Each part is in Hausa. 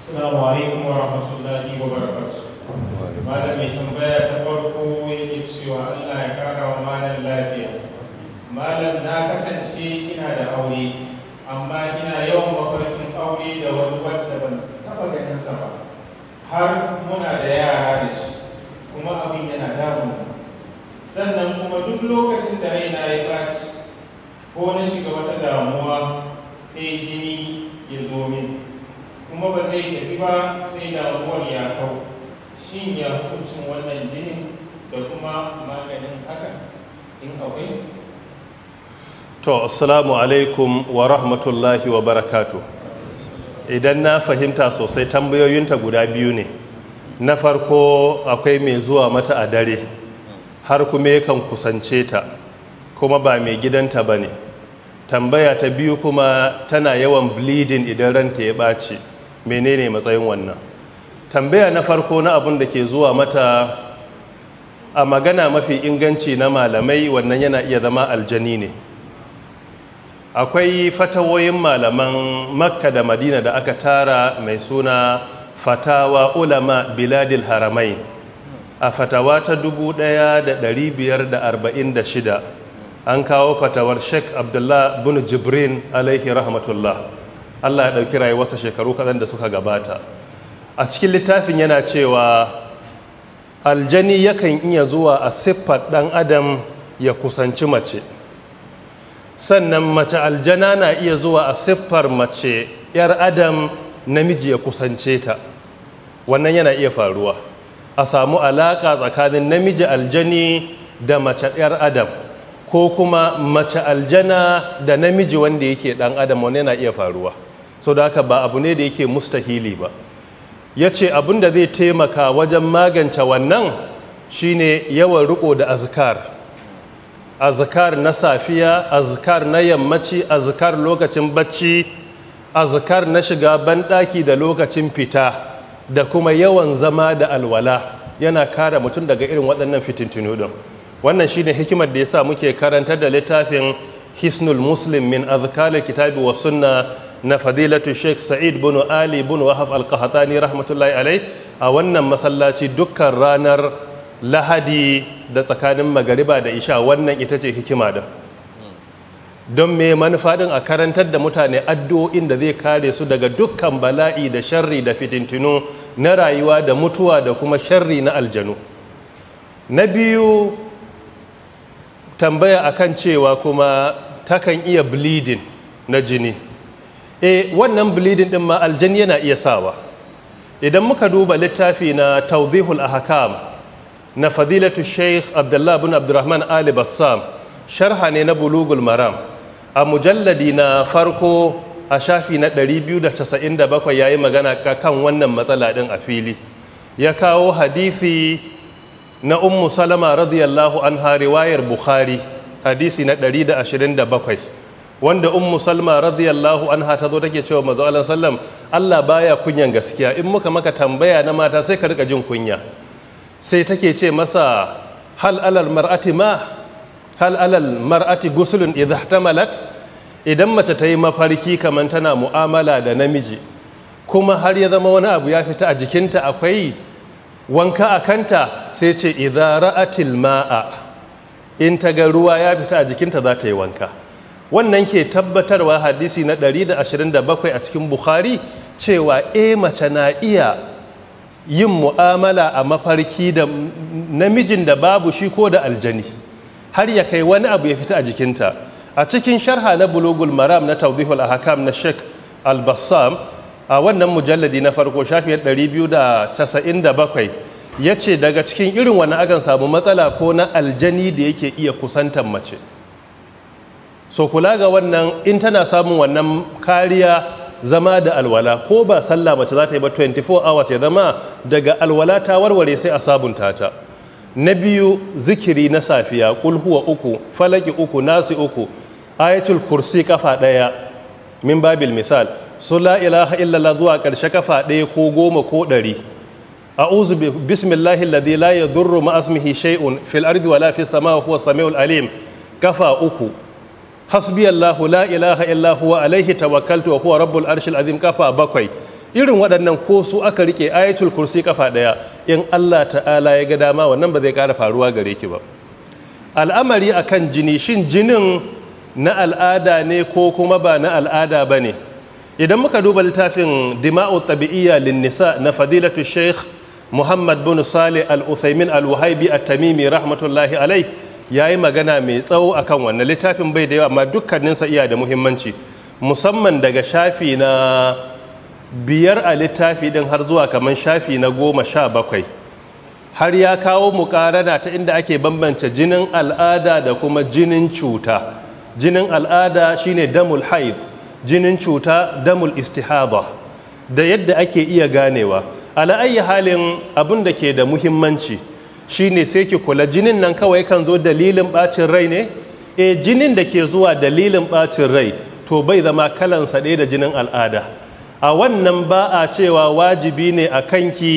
Assalamu alaikum wa rahmatullahi wa barakatuh. Malam mai tambaya ta farko yake cewa Allah ya kara wa malam lafiya. Malam na kasance ina da aure, amma ina yawan mafarkin aure da wani wadda ban taɓa ganinsa ba. Har muna da yara da shi, kuma abin yana damu. Sannan kuma duk lokacin da raina ya ɓaci, ko na shiga wata damuwa sai jini ya zo min. kuma ba zai tafi ba sai da ruwan ya kawo, shin ya hukuncin wannan jinin da kuma maganin hakan in akwai to assalamu alaikum wa rahmatullahi wa barakatu idan na fahimta sosai tambayoyinta guda biyu ne na farko akwai mai zuwa mata a dare har kuma yakan kusance ta kuma ba mai gidanta ba ne tambaya ta biyu kuma tana yawan bleeding idan ranta ya ɓace. menene matsayin wannan tambaya na farko na abin da ke zuwa mata a magana mafi inganci na malamai wannan yana iya zama aljani ne akwai fatawoyin malaman makka da madina da aka tara mai suna fatawa ulama biladil haramai a fatawa ta 1546 an kawo fatawar sheik abdullah bin jibrin alaihi rahmatullah Allah ya ɗauki rayuwarsa shekaru kaɗan da suka gabata a cikin littafin yana cewa aljani yakan iya zuwa a siffar ɗan adam ya kusanci mace sannan mace aljana na iya zuwa a siffar mace 'yar adam namiji ya kusance ta wannan yana iya faruwa a samu alaƙa tsakanin namiji aljani da mace 'yar adam ko kuma mace aljana da namiji wanda yake ɗan adam wani yana iya faruwa so da haka ba abu ne da yake mustahili ba ya ce abin da zai taimaka wajen magance wannan shine yawan riko da azkar azkar na safiya azkar na yammaci azkar lokacin bacci azkar na shiga banɗaki da lokacin fita da kuma yawan zama da alwala yana kare mutum daga irin waɗannan fitintinu ɗin wannan shine hikimar da ya sa muke karantar da littafin hisnul muslim min azkar kitabi wa sunna na fadilatu sheikh sa'id bin ali bin wahab al-qahtani rahmatullahi alai a wannan masallaci dukkan ranar lahadi da tsakanin magariba da isha wannan ita ce hikima da don me manufa din a karantar da mutane addu'o'in da zai kare su daga dukkan bala'i da sharri da fitintinu na rayuwa da mutuwa da kuma sharri na aljanu na biyu tambaya akan cewa kuma takan iya bleeding na jini e wannan bilidin din ma aljan yana iya sawa idan muka duba littafi na tawdihul ahkam na fadilatu sheikh abdullah bin abdurrahman ali bassam sharha ne na bulugul maram a mujalladi na farko a shafi na 297 yi magana kan wannan matsala din a fili ya kawo hadisi na ummu salama radiyallahu anha riwayar bukhari hadisi na 127 wanda ummu salma radiyallahu anha ta zo take cewa manzo Allah sallam Allah baya kunyan gaskiya in muka maka tambaya na mata sai ka rika jin kunya sai take ce masa hal alal mar'ati ma hal alal mar'ati guslun idha ihtamalat idan mace ta yi mafarki kamar tana mu'amala da namiji kuma har ya zama wani abu ya fita a jikinta akwai wanka a kanta sai ce idha ra'atil ma'a in ta ga ruwa ya fita a jikinta za ta yi wanka wannan ke tabbatarwa hadisi na 127 a cikin bukhari cewa e mace na iya yin mu'amala a mafarki da namijin da babu shi ko da aljani har ya kai wani abu ya fita a jikinta a cikin sharha na bulogul maram na a hakam na sheikh al a wannan mujalladi na farko shafi 297 ya ce daga cikin irin wani akan samu matsala ko na aljani da yake iya kusantar mace so kula ga wannan in tana samun wannan kariya zama da alwala ko ba sallah mace za ta yi ba 24 hours ya zama daga alwala ta warware sai a sabunta ta na biyu zikiri na safiya kulhuwa uku falaki uku nasi uku ayatul kursi kafa daya min babil misal su la ilaha illallah zuwa karshe kafa daya ko goma ko ɗari a'udhu bismillahi alladhi la yadurru durru ma'asmihi shay'un fil ardi wala fis samawati huwa samiul alim kafa uku hasbi la ilaha illa huwa alaihi tawakkaltu wa huwa rabbul arshil azim kafa bakwai irin waɗannan ko su aka rike ayatul kursi kafa ɗaya in Allah ta'ala ya ga dama wannan ba zai ƙara faruwa gare ki ba al'amari akan jini shin jinin na al'ada ne ko kuma ba na al'ada ba ne idan muka duba littafin dima'u tabi'iyya lin nisa na fadilatu sheikh muhammad bin salih al-uthaymin al-wahabi at-tamimi rahmatullahi alai. ya yi magana mai tsawo a kan wannan littafin bai da yawa amma dukkaninsa iya da muhimmanci musamman daga shafi na biyar a littafi din har zuwa kamar shafi na goma sha bakwai har ya kawo mukarana ta inda ake bambance jinin al'ada da kuma jinin cuta jinin al'ada shine damul haid jinin cuta damul istihaba da yadda ake iya ganewa ala halin abin da ke da muhimmanci Shi ne sai ki kula jinin nan kawai kan zo dalilin bacin rai ne e jinin da ke zuwa dalilin bacin rai to bai zama kalan ɗaya da jinin al'ada a wannan ba a cewa wajibi ne a kanki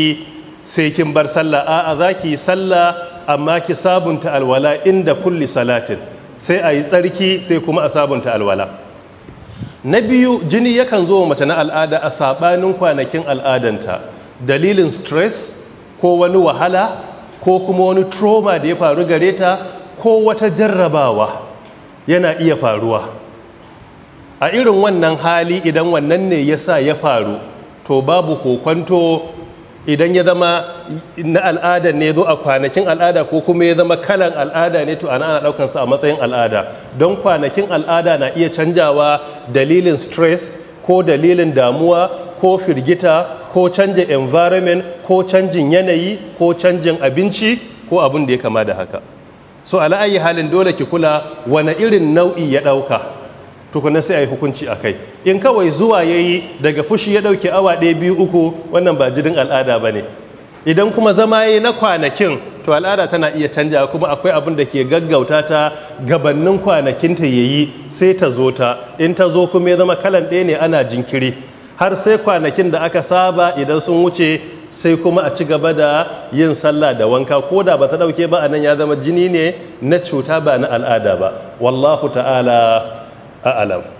sai kin bar sallah a'a za ki yi sallah amma ki sabunta alwala inda kulli salatin sai a yi tsarki sai kuma a sabunta alwala na biyu jini yakan zo wa mace na al'ada a saɓanin kwanakin al'adanta dalilin stress ko wani wahala ko kuma wani trauma da ya faru gare ta ko wata jarrabawa yana iya faruwa a irin wannan hali idan wannan ne ya sa ya faru to babu kokwanto idan ya zama na al'ada ne zo a kwanakin al'ada ko kuma ya zama kalan al'ada ne to ana ana daukansa a matsayin al'ada don kwanakin al'ada na iya canjawa dalilin stress ko dalilin damuwa ko firgita ko canja environment ko canjin yanayi ko canjin abinci ko abin da ya kama da haka so ala'ayi halin dole ki kula wane irin nau'i ya ɗauka tukuna sai a yi hukunci a kai in kawai zuwa ya yi daga fushi ya ɗauki awa ɗaya biyu uku wannan ba jirin al'ada ba ne idan kuma zama ya yi na kwanakin to al'ada tana iya canja kuma akwai abin da ke gaggauta ta gabannin kwanakinta ya yi sai ta zo ta in ta zo kuma ya zama kalan ɗaya ne ana jinkiri har sai kwanakin da aka saba idan sun wuce sai kuma a ci gaba da yin sallah da wanka ko da ba ta dauke ba a nan ya zama jini ne na cuta ba na al'ada ba wallahu ta'ala a'lam